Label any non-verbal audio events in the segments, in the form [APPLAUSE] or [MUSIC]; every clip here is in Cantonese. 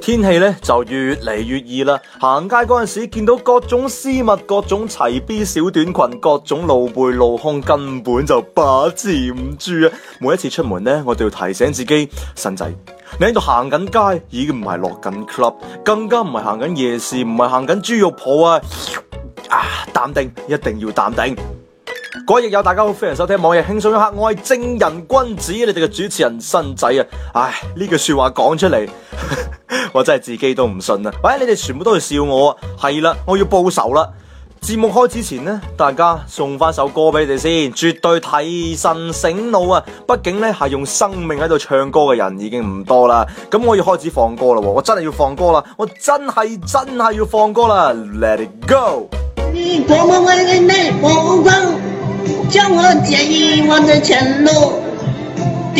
天氣咧就越嚟越熱啦，行街嗰陣時見到各種絲襪、各種齊 B 小短裙、各種露背露胸，根本就把持唔住啊！每一次出門咧，我都要提醒自己，新仔，你喺度行緊街，已經唔係落緊 club，更加唔係行緊夜市，唔係行緊豬肉鋪啊！啊，淡定，一定要淡定。各位易友大家好，非常收聽網《網易輕鬆一刻》，我係正人君子，你哋嘅主持人新仔啊。唉，呢句話說話講出嚟。 [LAUGHS] [LAUGHS] 我真係自己都唔信啊！喂，你哋全部都係笑我，係啦，我要報仇啦！節目開始前呢，大家送翻首歌俾你哋先，絕對提神醒腦啊！畢竟呢係用生命喺度唱歌嘅人已經唔多啦。咁我要開始放歌啦，我真係要放歌啦，我真係真係要放歌啦！Let it go。你你你我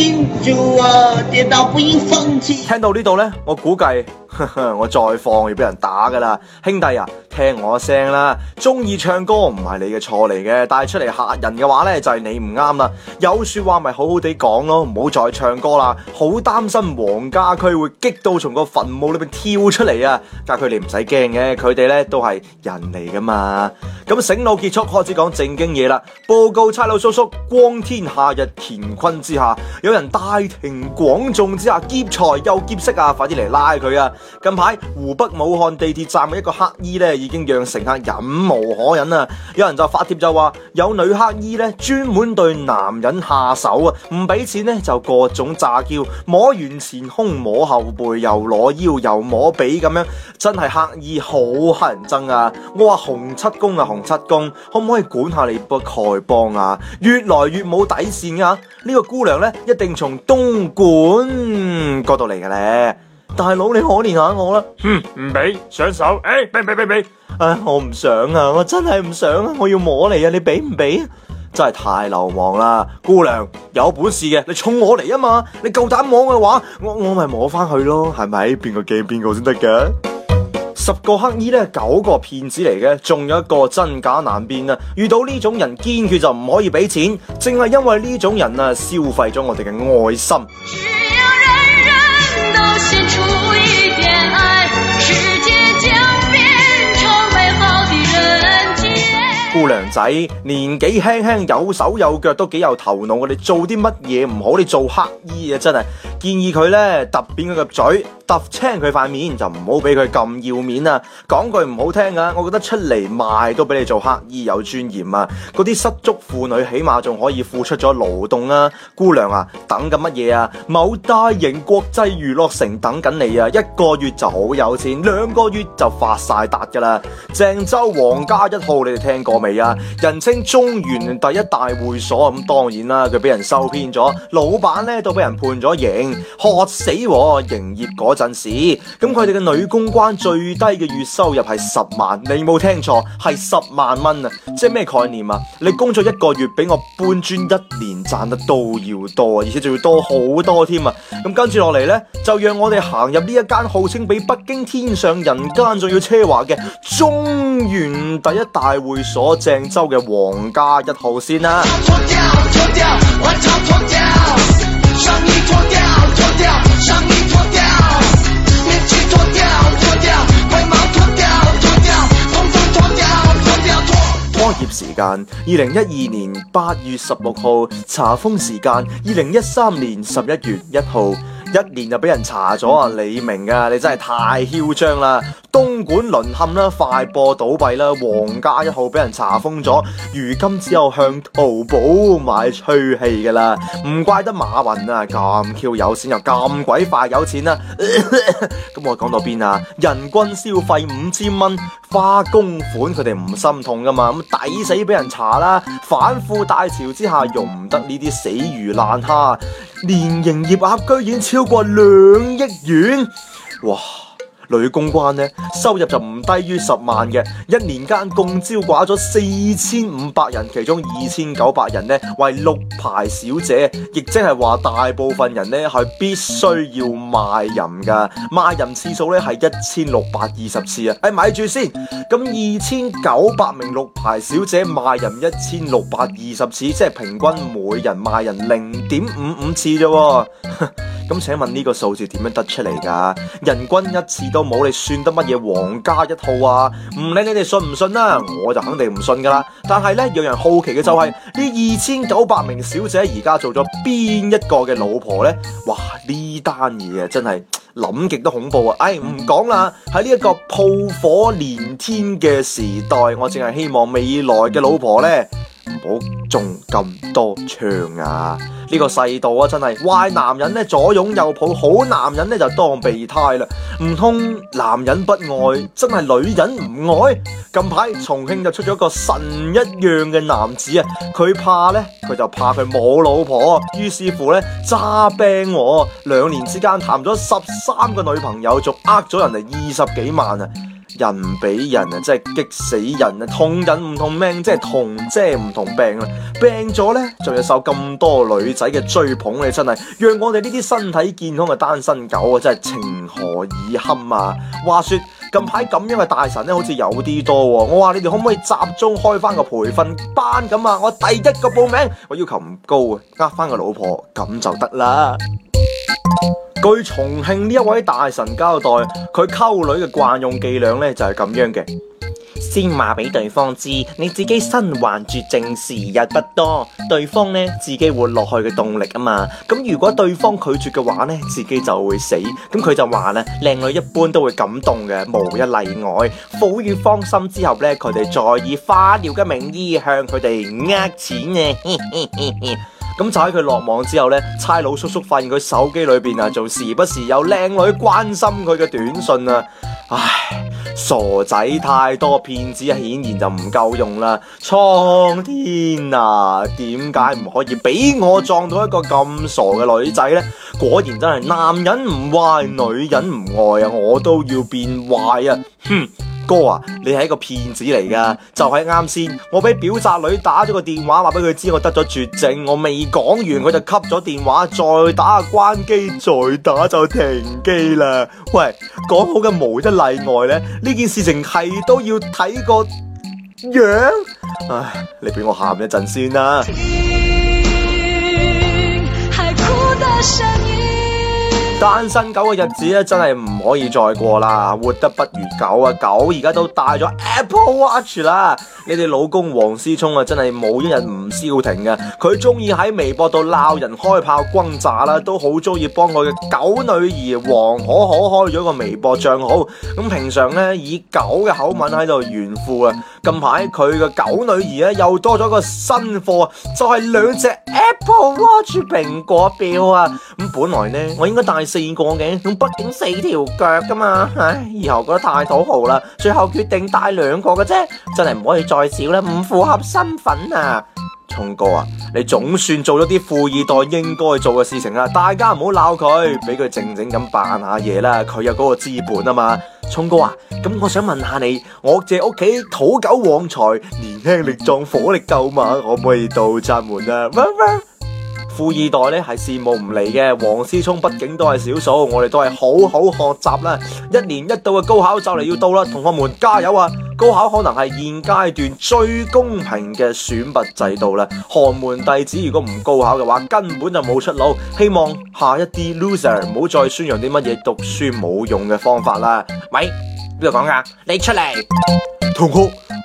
聽到呢度咧，我估計。 [LAUGHS] 我再放要俾人打噶啦，兄弟啊，聽我聲啦！中意唱歌唔係你嘅錯嚟嘅，但係出嚟吓人嘅話呢，就係你唔啱啦。有說話咪好好地講咯，唔好再唱歌啦。好擔心黃家駒會激到從個墳墓裏邊跳出嚟啊！但佢哋唔使驚嘅，佢哋呢都係人嚟噶嘛。咁醒腦結束，開始講正經嘢啦。報告差佬叔叔，光天下日乾坤之下，有人大庭廣眾之下劫財又劫色啊！快啲嚟拉佢啊！近排湖北武漢地鐵站嘅一個乞衣咧，已經讓乘客忍無可忍啊！有人就發帖就話，有女乞衣咧專門對男人下手啊，唔俾錢呢就各種詐嬌，摸完前胸摸後背，又攞腰又摸髀咁樣，真係乞衣好乞人憎啊！我話洪七公啊，洪七公，可唔可以管下你個丐幫啊？越來越冇底線啊！呢、呢個姑娘呢，一定從東莞角度嚟嘅咧。大佬，你可憐下我啦！哼，唔俾上手，哎、欸，俾俾俾俾，哎，我唔想啊，我真係唔想啊，我要摸你啊，你俾唔俾啊？真係太流氓啦！姑娘有本事嘅，你衝我嚟啊嘛！你夠膽摸嘅話，我我咪摸翻去咯，係咪？邊個驚邊個先得嘅？十個乞衣咧，九個騙子嚟嘅，仲有一個真假難辨啊！遇到呢種人，堅決就唔可以俾錢，正係因為呢種人啊，消費咗我哋嘅愛心。Yeah! 姑娘仔，年紀輕輕有手有腳都幾有頭腦，你做啲乜嘢唔好？你做乞衣啊，真係建議佢咧，揼扁佢個嘴。打青佢塊面就唔好俾佢咁要面啊！講句唔好聽啊，我覺得出嚟賣都比你做乞兒有尊嚴啊！嗰啲失足婦女起碼仲可以付出咗勞動啊。姑娘啊，等緊乜嘢啊？某大型國際娛樂城等緊你啊！一個月就好有錢，兩個月就發晒達噶啦！鄭州皇家一號你哋聽過未啊？人稱中原第一大會所咁、嗯，當然啦、啊，佢俾人收編咗，老闆咧都俾人判咗刑，嚇死喎！營業嗰陣時，咁佢哋嘅女公關最低嘅月收入係十萬，你冇聽錯，係十萬蚊啊！即係咩概念啊？你工作一個月，比我搬磚一年賺得都要多，而且仲要多好多添啊！咁、嗯、跟住落嚟呢，就讓我哋行入呢一間號稱比北京天上人間仲要奢華嘅中原第一大會所鄭州嘅皇家一號先啦、啊。開業時間：二零一二年八月十六號，查封時間：二零一三年十一月一號。一年就俾人查咗啊！李明啊，你真係太囂張啦！東莞淪陷啦，快播倒閉啦，皇家一號俾人查封咗，如今只有向淘寶買吹氣噶啦！唔怪得馬雲啊咁 Q 有錢又咁鬼快有錢啦、啊！咁 [LAUGHS] 我講到邊啊？人均消費五千蚊，花公款佢哋唔心痛噶嘛？咁抵死俾人查啦！反腐大潮之下，容唔得呢啲死魚爛蝦。年營業額居然超過兩億元，哇！女公關咧，收入就唔低於十萬嘅，一年間共招掛咗四千五百人，其中二千九百人咧為綠牌小姐，亦即係話大部分人咧係必須要賣淫噶，賣淫次數咧係一千六百二十次啊！哎、欸，買住先，咁二千九百名綠牌小姐賣淫一千六百二十次，即係平均每人賣淫零點五五次啫、啊。 [LAUGHS] 咁請問呢個數字點樣得出嚟㗎？人均一次都冇，你算得乜嘢皇家一號啊？唔理你哋信唔信啦、啊，我就肯定唔信㗎啦。但係呢，讓人好奇嘅就係呢二千九百名小姐而家做咗邊一個嘅老婆呢？哇！呢單嘢真係諗極都恐怖啊！誒、哎，唔講啦。喺呢一個炮火連天嘅時代，我淨係希望未來嘅老婆呢，唔好中咁多槍啊！呢、這個世道啊，真係壞男人咧左擁右抱，好男人咧就當備胎啦。唔通男人不愛，真係女人唔愛？近排重慶就出咗個神一樣嘅男子啊！佢怕咧，佢就怕佢冇老婆，於是乎咧詐兵，兩、啊、年之間談咗十三個女朋友，仲呃咗人哋二十幾萬啊！人比人啊，真係激死人啊！同人唔同命，即係同遮唔同柄啊！病咗呢，仲要受咁多女仔嘅追捧，你真係讓我哋呢啲身體健康嘅單身狗啊，真係情何以堪啊！話說近排咁樣嘅大神咧，好似有啲多、哦，我話你哋可唔可以集中開翻個培訓班咁啊？我第一個報名，我要求唔高啊，呃翻個老婆咁就得啦。據重慶呢一位大神交代，佢溝女嘅慣用伎倆呢就係、是、咁樣嘅，先話俾對方知，你自己身患絕症，時日不多。對方呢自己活落去嘅動力啊嘛，咁如果對方拒絕嘅話呢，自己就會死。咁佢就話呢，靚女一般都會感動嘅，無一例外，俘虜芳心之後呢，佢哋再以花鳥嘅名義向佢哋呃錢嘅、啊。嘿嘿嘿咁就喺佢落網之後呢，差佬叔叔發現佢手機裏邊啊，仲時不時有靚女關心佢嘅短信啊！唉，傻仔太多，騙子啊，顯然就唔夠用啦！蒼天啊，點解唔可以俾我撞到一個咁傻嘅女仔呢？果然真係男人唔壞，女人唔愛啊！我都要變壞啊！哼！哥啊，你係一個騙子嚟噶，就喺啱先，我俾表侄女打咗個電話，話俾佢知我得咗絕症，我未講完佢就吸咗電話，再打啊關機，再打就停機啦。喂，講好嘅無一例外呢，呢件事情係都要睇個樣。Yeah? 唉，你俾我喊一陣先啦。單身狗嘅日子咧，真係唔可以再過啦！活得不如狗啊！狗而家都戴咗 Apple Watch 啦！你哋老公王思聰啊，真係冇一日唔消停嘅，佢中意喺微博度鬧人、開炮轟炸啦，都好中意幫佢嘅狗女兒王可可開咗個微博賬號。咁平常咧，以狗嘅口吻喺度炫富啊！近排佢嘅狗女兒咧又多咗個新貨，就係、是、兩隻 Apple Watch 蘋果錶啊！咁本來呢，我應該帶四個嘅，畢竟四條腳噶嘛。唉，以後覺得太土豪啦，最後決定帶兩個嘅啫，真係唔可以再少啦，唔符合身份啊！聰哥啊，你總算做咗啲富二代應該做嘅事情啦，大家唔好鬧佢，俾佢靜靜咁扮下嘢啦，佢有嗰個資本啊嘛。聰哥啊，咁我想問下你，我借屋企土狗旺財，年輕力壯，火力夠猛，可唔可以到閘門啊？哈哈。富二代呢，係羨慕唔嚟嘅，王思聰畢竟都係少數，我哋都係好好學習啦。一年一度嘅高考就嚟要到啦，同學們加油啊！高考可能係現階段最公平嘅選拔制度啦。寒門弟子如果唔高考嘅話，根本就冇出路。希望下一啲 loser 唔好再宣揚啲乜嘢讀書冇用嘅方法啦。咪邊度講㗎？你出嚟。同學，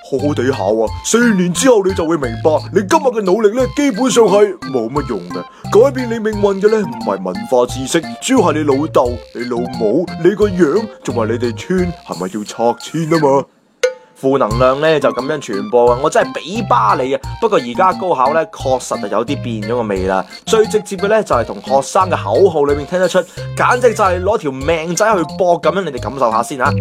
好好地考啊！四年之後你就會明白，你今日嘅努力咧，基本上係冇乜用嘅。改變你命運嘅咧，唔係文化知識，主要係你老豆、你老母、你個樣，仲係你哋村係咪要拆遷啊嘛？負能量咧就咁樣傳播啊。我真係畀巴你啊！不過而家高考咧，確實係有啲變咗個味啦。最直接嘅咧，就係、是、同學生嘅口號裏面聽得出，簡直就係攞條命仔去搏咁樣，你哋感受下先啊！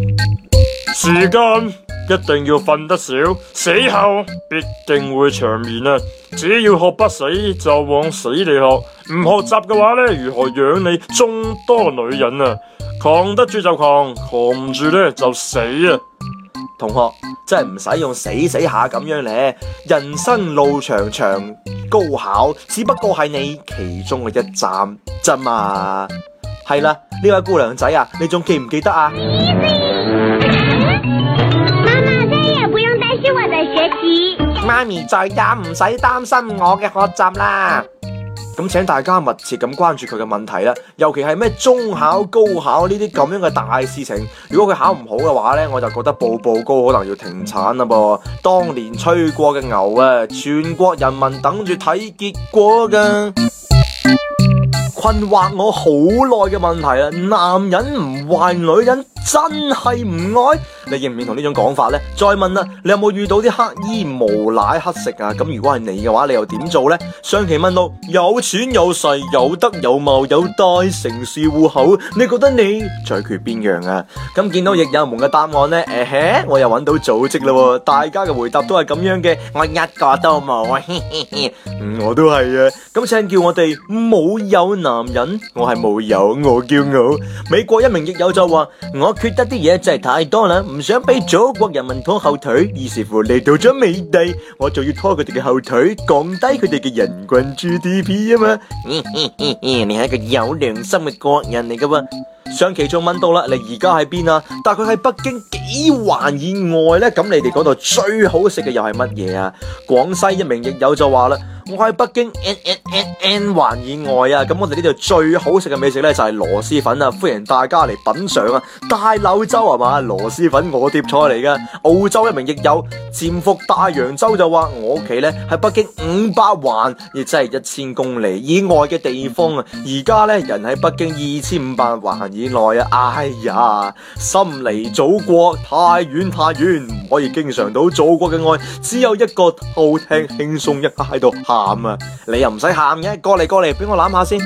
時間一定要瞓得少，死後必定會長眠啊！只要學不死，就往死地學。唔學習嘅話咧，如何養你眾多女人啊？扛得住就扛，扛唔住呢就死啊！同學真係唔使用死死下咁樣咧，人生路長長，高考只不過係你其中嘅一站咋嘛？係啦，呢位姑娘仔啊，你仲記唔記得啊？媽咪再也唔使擔心我嘅學習啦。咁，請大家密切咁關注佢嘅問題啦，尤其係咩中考、高考呢啲咁樣嘅大事情。如果佢考唔好嘅話呢，我就覺得步步高可能要停產啦噃。當年吹過嘅牛啊，全國人民等住睇結果㗎。困惑我好耐嘅問題啊，男人唔壞女人，真係唔愛，你認唔認同呢種講法咧？再問啦，你有冇遇到啲乞衣無賴乞食啊？咁如果係你嘅話，你又點做咧？上期問到有錢有勢有德有貌有大城市戶口，你覺得你最缺邊樣啊？咁見到亦有們嘅答案咧，我又揾到組織啦，大家嘅回答都係咁樣嘅，我一個都冇。嗯，我都係啊。咁請叫我哋冇有男人，我係冇有，我驕傲。美國一名亦有就話我。缺德啲嘢真係太多啦，唔想俾祖國人民拖後腿，於是乎嚟到咗美帝，我就要拖佢哋嘅後腿，降低佢哋嘅人均 GDP 啊嘛， [LAUGHS] 你係一個有良心嘅國人嚟噶喎。上期仲問到啦，你而家喺邊啊？但佢喺北京幾環以外呢？咁你哋嗰度最好食嘅又係乜嘢啊？廣西一名亦友就話啦，我喺北京 N N, N N N 環以外啊。咁我哋呢度最好食嘅美食呢，就係、是、螺螄粉啊！歡迎大家嚟品嘗啊！大柳州係嘛？螺螄粉我碟菜嚟㗎。澳洲一名亦友潛伏大洋洲就話，我屋企呢，喺北京五百環，亦即係一千公里以外嘅地方啊。而家呢，人喺北京二千五百環以內啊！哎呀，心離祖國太遠太遠，唔可以經常到祖國嘅愛，只有一個好聽輕鬆一刻喺度喊啊！你又唔使喊嘅，過嚟過嚟，俾我攬下先。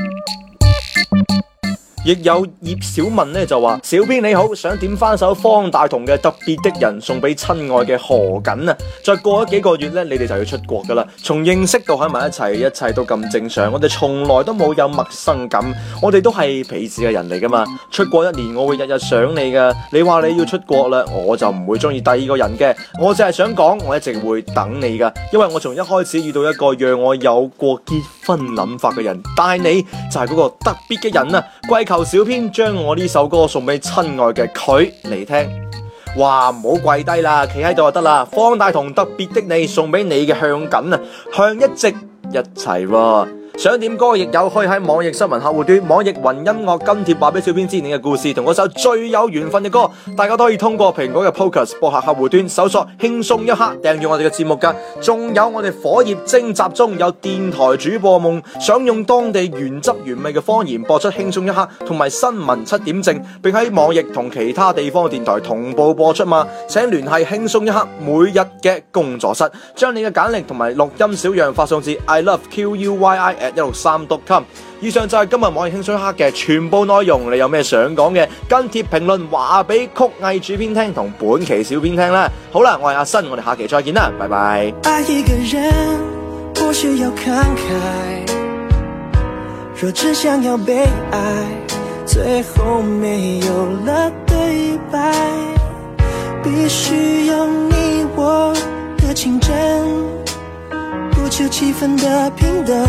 亦有葉小文咧就話：小編你好，想點翻首方大同嘅特別的人送俾親愛嘅何瑾啊！再過咗幾個月咧，你哋就要出國噶啦。從認識到喺埋一齊，一切都咁正常，我哋從來都冇有陌生感，我哋都係彼此嘅人嚟噶嘛。出國一年，我會日日想你噶。你話你要出國啦，我就唔會中意第二個人嘅。我淨係想講，我一直會等你噶，因為我從一開始遇到一個讓我有過結婚諗法嘅人，但係你就係嗰個特別嘅人啊，歸及由小編將我呢首歌送俾親愛嘅佢嚟聽，哇，唔好跪低啦，企喺度就得啦。方大同特別的你，送俾你嘅向緊啊，向一直一齊喎。想點歌亦有，可以喺網易新聞客戶端、網易雲音樂跟貼話俾小編知你嘅故事同嗰首最有緣分嘅歌。大家都可以通過蘋果嘅 Podcast 播客客戶端搜索輕鬆一刻，訂閱我哋嘅節目噶。仲有我哋《火熱徵集》中有電台主播夢，想用當地原汁原味嘅方言播出輕鬆一刻同埋新聞七點正，並喺網易同其他地方嘅電台同步播出嘛？請聯繫輕鬆一刻每日嘅工作室，將你嘅簡歷同埋錄音小樣發送至 i love q u y i。N, 一路三獨刊，以上就係今日網易輕鬆一刻嘅全部內容。你有咩想講嘅，跟帖評論話俾曲藝主編聽同本期小編聽啦。好啦，我係阿新，我哋下期再見啦，拜拜。愛一個人不需要要慷慨，若只想要被愛最後沒有了對白，必須有你。我的情真，不求氣氛的平等。」